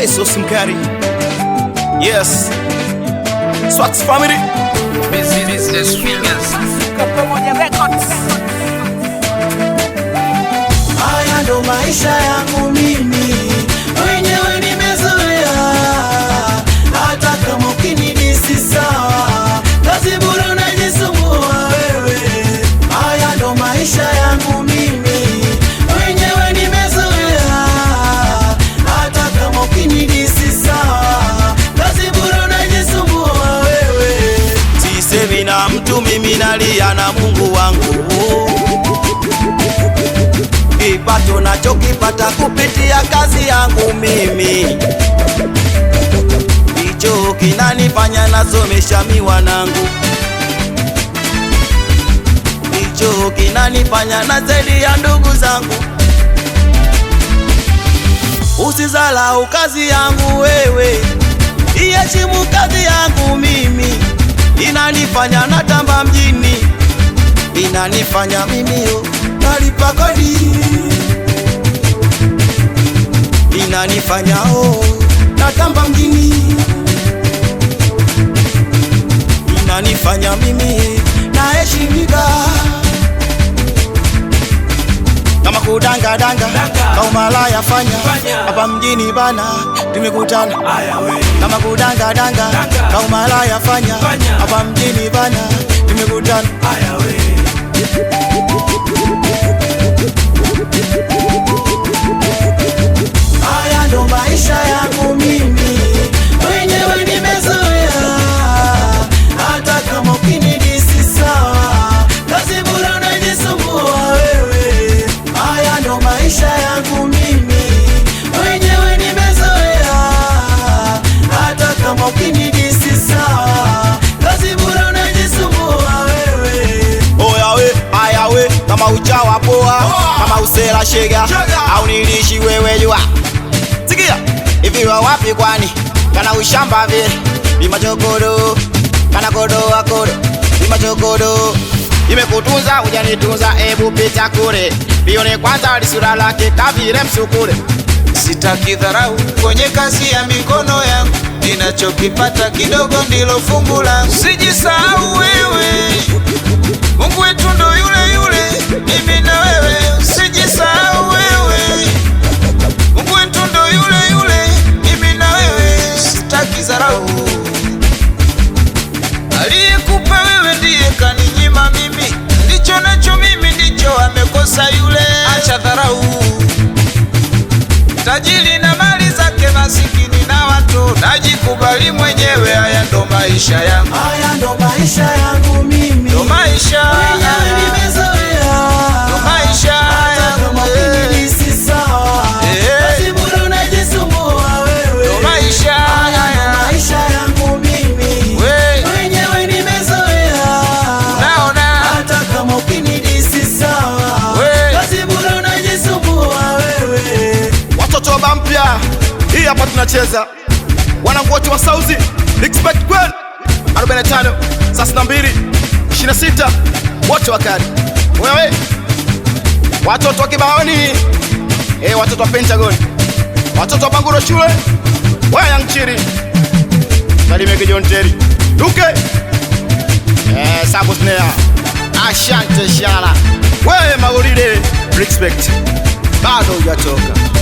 Yesu simkari. Yes. Swax family. Business fingers. Kapo moja records. Haya ndo maisha mtu mimi nalia na Mungu wangu, kipato nachokipata kupitia kazi yangu mimi ndicho kinanifanya nasomesha mi wanangu, ndicho kinanifanya ya ndugu zangu. Usizalau kazi yangu wewe, iheshimu kazi yangu mimi inanifanya natamba mjini, inanifanya mimi oh, nalipa kodi, inanifanya oh, natamba mjini, inanifanya mimi naheshimika kama kudanga danga, danga. Kaumalaya fanya, fanya. Hapa mjini bana tumekutana kama kudanga kudangadanga kaumalaya fanya hapa mjini bana tumekutana Sela shega au nilishi wewe jua. Sikia hivi wapi kwani kana ushamba vile bima chokodo kana kodo akodo bima chokodo imekutunza ujanitunza, ebu pita kure bione kwanza lisura lake kavile msukule. Sitaki kwenye kazi ya mikono yangu, ninachokipata kidogo ndilo fungula sijisahau wewe tajiri na mali zake, masikini na watu, najikubali mwenyewe. Haya ndo maisha yangu, haya ndo maisha yangu mimi, ndo maisha hii hapa tunacheza wanangu wote wa sauzi expect kweli 45 32 26 wote wakali wewe watoto wa kibaoni eh watoto wa Pentagon watoto wa Banguro shule wewe yang chiri salimeke John Terry duke eh sabo snare asante shara wewe magolile respect bado hujatoka